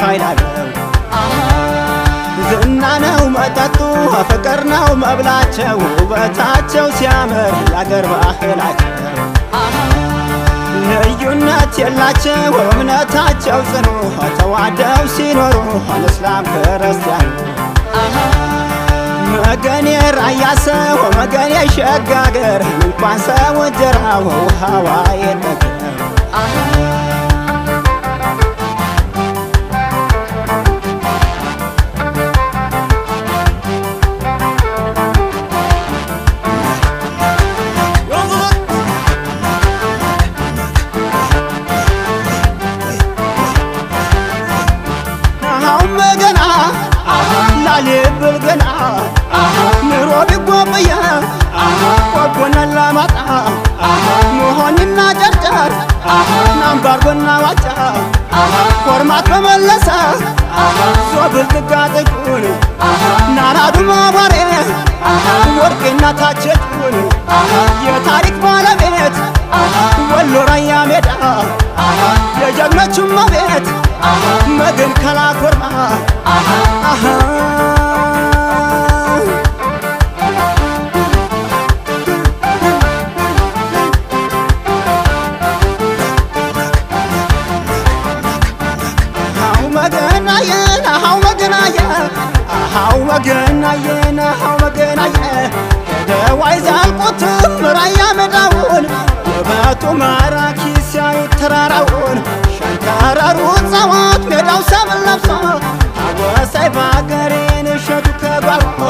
ፋይዳ ዝና ነው መጠጡ ፍቅር ነው መብላቸው ውበታቸው ሲያምር ያገር ባህላቸው ልዩነት የላቸው እምነታቸው ጽኑ ተዋደው ሲኖሩ እስላም ክርስቲያን መገኔ ራያ ሰው መገኔ ሸጋገር እንኳን ሰው ድራው ሀዋ የነገር ዋጣ መሆንና ጨርጨር ናምባርጎና ዋጫ ኮርማት በመለሰ ሶብልትጋ ጥቁን ናናዱማ ባሬ ወርቄና ታቸጡን የታሪክ ባለቤት ወሎ ራያ ሜዳ የጀግኖቹማ ቤት መግን ከላኮርማ መገናየን አሃው መገናየ አሃው መገናየን አሃው መገናየ ደዋይ ዛልቆትም ራያ መዳውን ውበቱ ማራኪ ሲያዩት ተራራውን ሸንተረሩ ጸዋት ሜዳው ሰብል ለብሶ አወሳይ ባገሬን እሸቱ ከባልቆ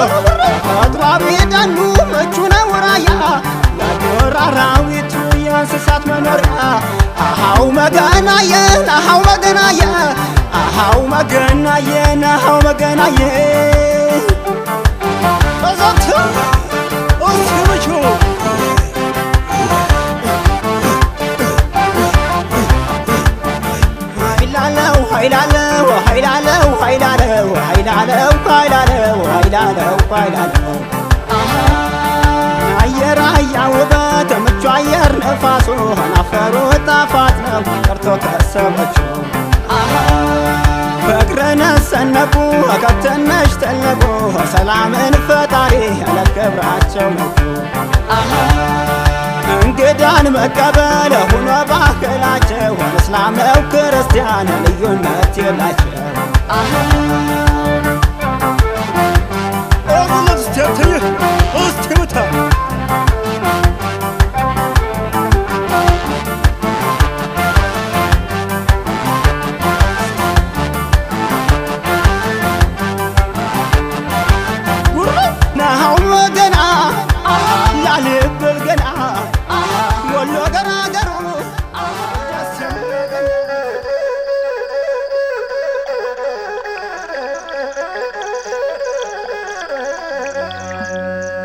ተፈጥሯዊ ደኑ ምቹ ነው ራያ ለዱር አራዊቱ የእንስሳት መኖሪያ አሃው መገናየን አሃው መገናየ አሃው መገናኘን አሃው መገናኘን በዛት እስክምቹ ኃይላለው ኃይላለው ኃይላለው ኃይላለው ኃይላለው ኃይላለው ኃይላለው አየር ምቹ አየር ነፋሱ አናፈሩ ጣፋት ነው ቀርቶ ከሰመቹ ሰላምን ፈጣሪ ያለከብራቸው ነው እንግዳን መቀበል ሁኖ ባህላቸው እስላመው ክርስቲያን ልዩነት የላቸው ኦርቶዶክስ ተተየ ኦስቴውታ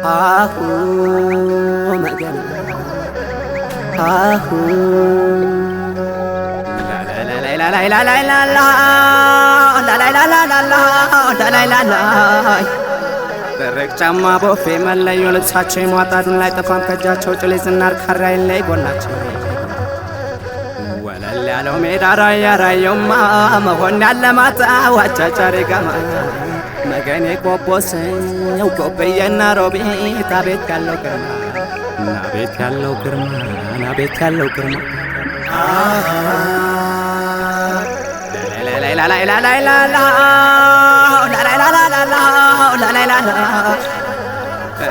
አሁ መገና አሁ ደረቅ ጫማ ቦፌ መለዮ ልብሳቸው የሟጣዱን ላይ ጠፋም ከእጃቸው ጭሌ ዝናር ጎናቸው ወለል ያለው ሜዳ ራያ ራየውማ መሆን ያለማታ ወገኔ ቆቦሰኝ ቆብዬና ሮቤ አቤት ያለው ግርማ አቤት ያለው ግርማ አቤት ያለው ግርማ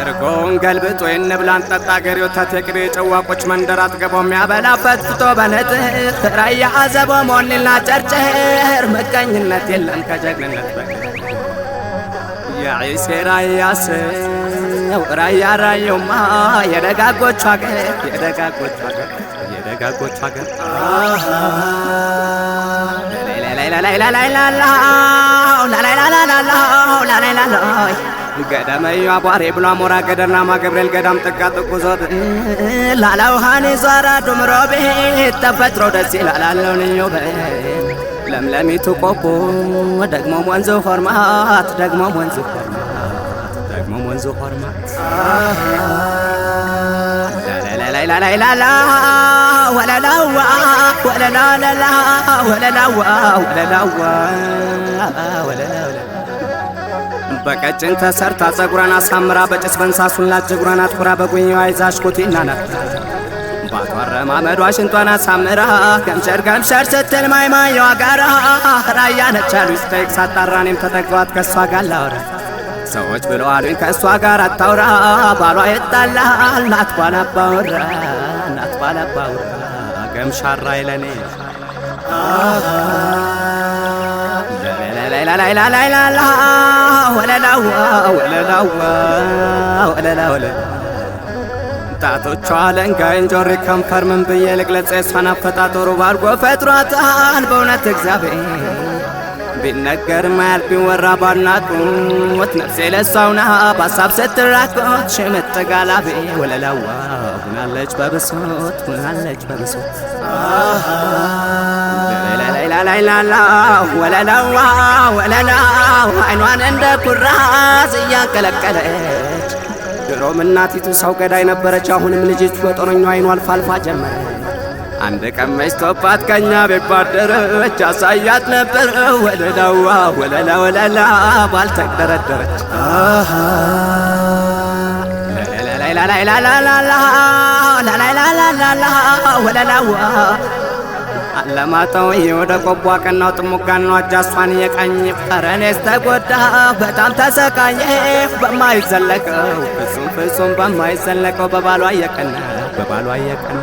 እርጎውን ገልብጦ የንብላን ጠጣ ገሪ ወተት ጭዋቆች መንደር አጥገቦ የሚያበላበት ፍቶ በነጥር ራያ አዘቦ ሞኒና ጨርጨር መቀኝነት የለም ከጀግንነት በግ የኢሴ ራያ ራያ ራየውማ የደጋጎቹ አገር የደጋጎቹ አገር የደጋጎቹ አገር ገደመዩ አቧሬ ብሎ አሞራ ገደና ማገብርኤል ገዳም ጥቃ ጥቁ ዞር ላላውሃኒ ዟራ ዱምሮ ተፈጥሮ ደስ ይላላለውን ለምለሚቱ ቆቦ ደግሞ ወንዙ ሆርማት ደግሞ ወንዙ ሆርማት ደግሞ ወንዙ ሆርማት በቀጭን ተሰርታ ጸጉሯን አሳምራ በጭስ በንሳሱላት ጅጉሯን አትኩራ በጉኝዋ ይዛሽ ኮቴና ናት ቋቷረ ማመዷ ሽንቷን አሳምራ ከምሸር ከምሸር ስትል ማይ ማይማየዋ ጋራ ራያ ነቻሉ ስጠይቅ ሳጣራ እኔም ተጠጓት ከእሷ ጋር ላውራ ሰዎች ብለው አሉኝ ከእሷ ጋር አታውራ ባሏ ይጣላል እናት ባል አባወራ እናት ባል አባወራ ገምሻራ ይለኔ ወለላዋ ወለላዋ ወለላ ወለላ ጣቶቿ ለንጋይን ጆሪ ከንፈር ምን ብዬ ልግለጽ? የሷን አፈጣጠሩ ባርጎ ፈጥሯታል በእውነት እግዚአብሔር ቢነገር ማያል ቢወራ ባናቁት ነፍሴ ለሷውና በሀሳብ ስትራቆት ሽምጥጋላቤ ወለላዋ ሁናለች በብሶት ሁናለች በብሶት ላይላላ ወለላዋ ወለላዋ አይኗን እንደ ኩራዝ እያንቀለቀለች ድሮም እናቲቱ ሰው ገዳይ ነበረች፣ አሁንም ልጅቱ በጦረኛው አይኑ አልፋ አልፋ ጀመረ። አንድ ቀን መሽቶባት ከኛ ቤት ባደረች፣ አሳያት ነበር ወለላዋ ወለላ ወለላ ባልተደረደረች ወለላዋ አለማጣው የወደ ቆቦ ቀናው ጥሙጋን ነው የቀኝ ቀረኔስ ተጎዳሁ በጣም ተሰቃየ በማይዘለቀው ፍጹም ፍጹም በማይዘለቀው በባሏ የቀና በባሏ የቀና